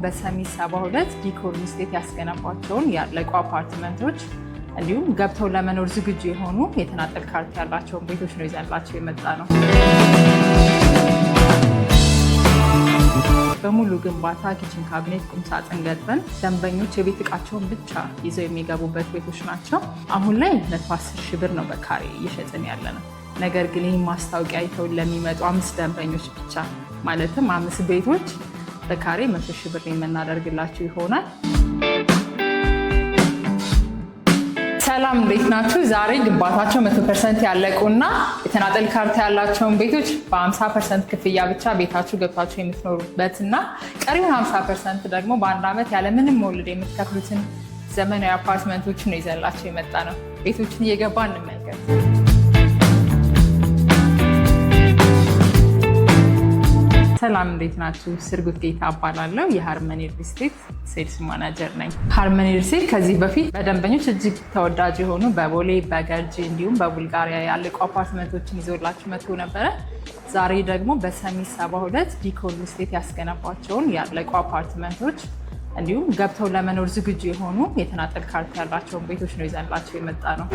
በሰሚት 72 ዲኮር ሚስቴት ያስገነባቸውን ያለቁ አፓርትመንቶች እንዲሁም ገብተው ለመኖር ዝግጁ የሆኑ የተናጠል ካርታ ያላቸውን ቤቶች ነው ይዘንላቸው የመጣ ነው። በሙሉ ግንባታ ኪችን ካቢኔት፣ ቁምሳጥን ገጥመን ደንበኞች የቤት እቃቸውን ብቻ ይዘው የሚገቡበት ቤቶች ናቸው። አሁን ላይ መቶ አስር ሺህ ብር ነው በካሬ እየሸጥን ያለ ነው። ነገር ግን ይህ ማስታወቂያ አይተውን ለሚመጡ አምስት ደንበኞች ብቻ ማለትም አምስት ቤቶች በካሬ መቶ ሺህ ብር የምናደርግላችሁ ይሆናል። ሰላም እንዴት ናችሁ? ዛሬ ግንባታቸው መቶ ፐርሰንት ያለቁና የተናጠል ካርታ ያላቸውን ቤቶች በ50 ፐርሰንት ክፍያ ብቻ ቤታችሁ ገብታችሁ የምትኖሩበትና ቀሪውን 50 ፐርሰንት ደግሞ በአንድ ዓመት ያለምንም ወለድ የምትከፍሉትን ዘመናዊ አፓርትመንቶችን ነው ይዘንላቸው የመጣ ነው። ቤቶችን እየገባ እንመልከት። ሰላም እንዴት ናችሁ? ስርጉት ጌታ እባላለሁ። የሃርመኒ ሪል ሴልስ ማናጀር ነኝ። ሃርመኒ ሪል ከዚህ በፊት በደንበኞች እጅግ ተወዳጅ የሆኑ በቦሌ በገርጂ እንዲሁም በቡልጋሪያ ያለቁ አፓርትመንቶችን ይዞላችሁ መጥቶ ነበረ። ዛሬ ደግሞ በሰሚት ሰባ ሁለት ዲኮል ስቴት ያስገነባቸውን ያለቁ አፓርትመንቶች እንዲሁም ገብተው ለመኖር ዝግጁ የሆኑ የተናጠል ካርታ ያላቸውን ቤቶች ነው ይዘንላቸው የመጣ ነው።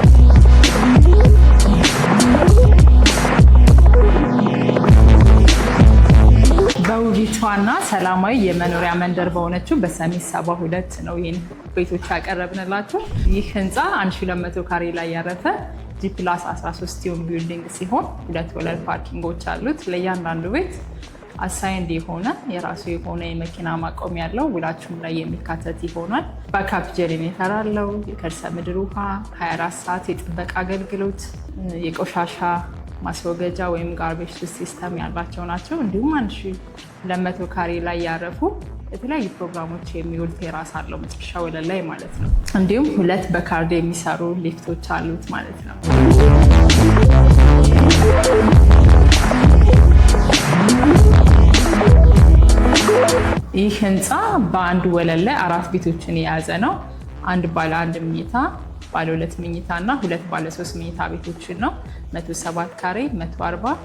በውቢቷና ሰላማዊ የመኖሪያ መንደር በሆነችው በሰሜን ሰባ ሁለት ነው ይህን ቤቶች ያቀረብንላቸው። ይህ ህንፃ 1200 ካሬ ላይ ያረፈ ጂፕላስ 13 ዮን ቢልዲንግ ሲሆን ሁለት ወለል ፓርኪንጎች አሉት። ለእያንዳንዱ ቤት አሳይንድ የሆነ የራሱ የሆነ የመኪና ማቆም ያለው ውላችሁም ላይ የሚካተት ይሆናል። ባካፕ አለው። የከርሰ ምድር ውሃ፣ 24 ሰዓት የጥበቃ አገልግሎት፣ የቆሻሻ ማስወገጃ ወይም ጋርቤጅ ሲስተም ያላቸው ናቸው። እንዲሁም አንሺ ለመቶ ካሬ ላይ ያረፉ የተለያዩ ፕሮግራሞች የሚውል ቴራስ አለው መጨረሻ ወለል ላይ ማለት ነው። እንዲሁም ሁለት በካርዶ የሚሰሩ ሊፍቶች አሉት ማለት ነው። ይህ ህንፃ በአንድ ወለል ላይ አራት ቤቶችን የያዘ ነው። አንድ ባለ አንድ ምኝታ፣ ባለ ሁለት ምኝታ እና ሁለት ባለ ሶስት ምኝታ ቤቶችን ነው። 107 ካሬ 140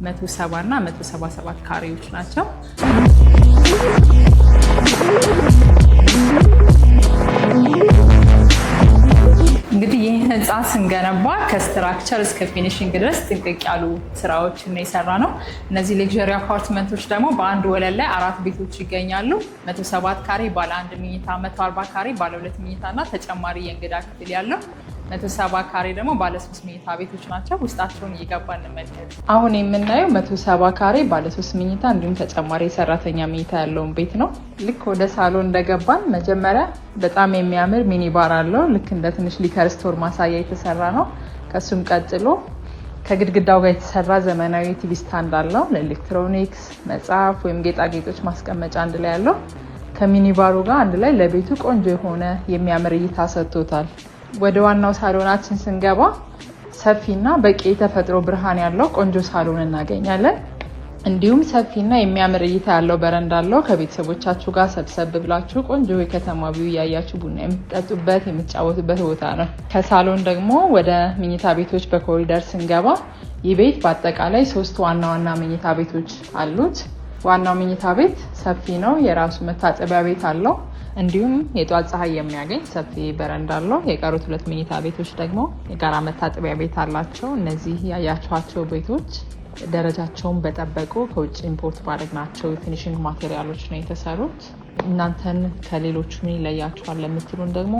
170 እና 177 ካሬዎች ናቸው። እንግዲህ ይህ ህንፃ ስንገነባ ከስትራክቸር እስከ ፊኒሽንግ ድረስ ጥንቅቅ ያሉ ስራዎችን ነው የሰራ ነው። እነዚህ ሌክዠሪ አፓርትመንቶች ደግሞ በአንድ ወለል ላይ አራት ቤቶች ይገኛሉ። 107 ካሬ ባለ አንድ ምኝታ፣ 140 ካሬ ባለ ሁለት ምኝታ እና ተጨማሪ የእንግዳ ክፍል ያለው መቶሰባ ካሬ ደግሞ ባለሶስት መኝታ ቤቶች ናቸው። ውስጣቸውን እየገባ እንመልከት። አሁን የምናየው መቶሰባ ካሬ ባለሶስት መኝታ እንዲሁም ተጨማሪ የሰራተኛ መኝታ ያለውን ቤት ነው። ልክ ወደ ሳሎን እንደገባን መጀመሪያ በጣም የሚያምር ሚኒባር አለው። ልክ እንደ ትንሽ ሊከር ስቶር ማሳያ የተሰራ ነው። ከሱም ቀጥሎ ከግድግዳው ጋር የተሰራ ዘመናዊ ቲቪ ስታንድ አለው። ለኤሌክትሮኒክስ፣ መጽሐፍ ወይም ጌጣጌጦች ማስቀመጫ አንድ ላይ ያለው ከሚኒባሩ ጋር አንድ ላይ ለቤቱ ቆንጆ የሆነ የሚያምር እይታ ሰጥቶታል። ወደ ዋናው ሳሎናችን ስንገባ ሰፊና በቂ የተፈጥሮ ብርሃን ያለው ቆንጆ ሳሎን እናገኛለን። እንዲሁም ሰፊና የሚያምር እይታ ያለው በረንዳ አለው። ከቤተሰቦቻችሁ ጋር ሰብሰብ ብላችሁ ቆንጆ የከተማ ቢዩ እያያችሁ ቡና የምትጠጡበት የምትጫወቱበት ቦታ ነው። ከሳሎን ደግሞ ወደ መኝታ ቤቶች በኮሪደር ስንገባ ይህ ቤት በአጠቃላይ ሶስት ዋና ዋና መኝታ ቤቶች አሉት። ዋናው መኝታ ቤት ሰፊ ነው። የራሱ መታጠቢያ ቤት አለው። እንዲሁም የጠዋት ፀሐይ የሚያገኝ ሰፊ በረንዳ አለው። የቀሩት ሁለት መኝታ ቤቶች ደግሞ የጋራ መታጠቢያ ቤት አላቸው። እነዚህ ያያቸኋቸው ቤቶች ደረጃቸውን በጠበቁ ከውጭ ኢምፖርት ባደረግናቸው የፊኒሽንግ ማቴሪያሎች ነው የተሰሩት። እናንተን ከሌሎቹ ምን ይለያችኋል ለምትሉን ደግሞ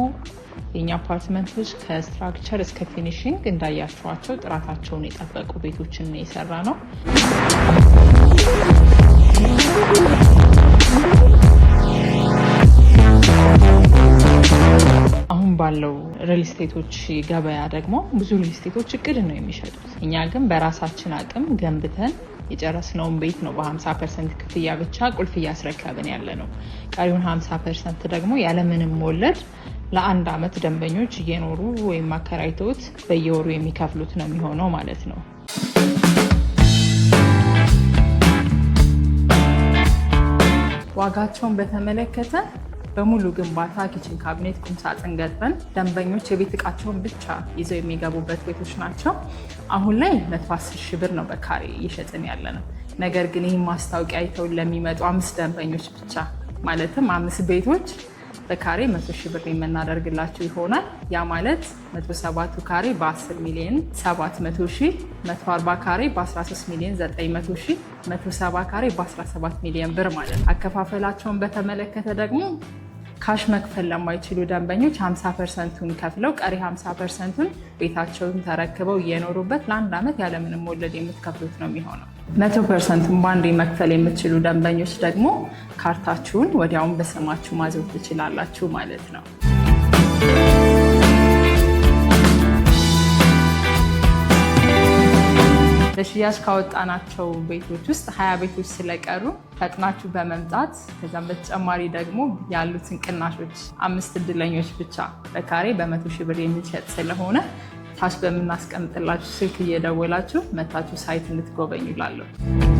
የኛ አፓርትመንቶች ከስትራክቸር እስከ ፊኒሽንግ እንዳያቸኋቸው ጥራታቸውን የጠበቁ ቤቶችን የሰራ ነው። ባለው ሪልስቴቶች ገበያ ደግሞ ብዙ ሪልስቴቶች እቅድ ነው የሚሸጡት። እኛ ግን በራሳችን አቅም ገንብተን የጨረስነውን ቤት ነው በ50 ፐርሰንት ክፍያ ብቻ ቁልፍ እያስረከብን ያለ ነው። ቀሪውን 50 ፐርሰንት ደግሞ ያለምንም ወለድ ለአንድ አመት ደንበኞች እየኖሩ ወይም አከራይተውት በየወሩ የሚከፍሉት ነው የሚሆነው ማለት ነው። ዋጋቸውን በተመለከተ በሙሉ ግንባታ ኪችን ካቢኔት፣ ቁምሳጥን ገጥመን ደንበኞች የቤት እቃቸውን ብቻ ይዘው የሚገቡበት ቤቶች ናቸው። አሁን ላይ መቶ አስር ሺህ ብር ነው በካሬ እየሸጥን ያለ ነው። ነገር ግን ይህም ማስታወቂያ አይተው ለሚመጡ አምስት ደንበኞች ብቻ ማለትም አምስት ቤቶች በካሬ መቶ ሺህ ብር የምናደርግላቸው ይሆናል። ያ ማለት መቶ ቱ ካሬ በ10 ሚሊዮን 700 ሺህ፣ 140 ካሬ በ13 ሚሊዮን 900 ሺህ፣ 170 ካሬ በ17 ሚሊዮን ብር ማለት። አከፋፈላቸውን በተመለከተ ደግሞ ካሽ መክፈል ለማይችሉ ደንበኞች 50 ፐርሰንቱን ከፍለው ቀሪ 50 ፐርሰንቱን ቤታቸውን ተረክበው እየኖሩበት ለአንድ ዓመት ያለምንም ወለድ የምትከፍሉት ነው የሚሆነው። መቶ ፐርሰንቱን በአንዴ መክፈል የምትችሉ ደንበኞች ደግሞ ካርታችሁን ወዲያውን በስማችሁ ማዘው ትችላላችሁ ማለት ነው። ለሽያጭ ካወጣናቸው ቤቶች ውስጥ ሀያ ቤቶች ስለቀሩ ፈጥናችሁ በመምጣት ከዛም በተጨማሪ ደግሞ ያሉትን ቅናሾች አምስት እድለኞች ብቻ በካሬ በመቶ ሺህ ብር የሚሸጥ ስለሆነ ታች በምናስቀምጥላችሁ ስልክ እየደወላችሁ መታችሁ ሳይት እንድትጎበኙ ላለሁ።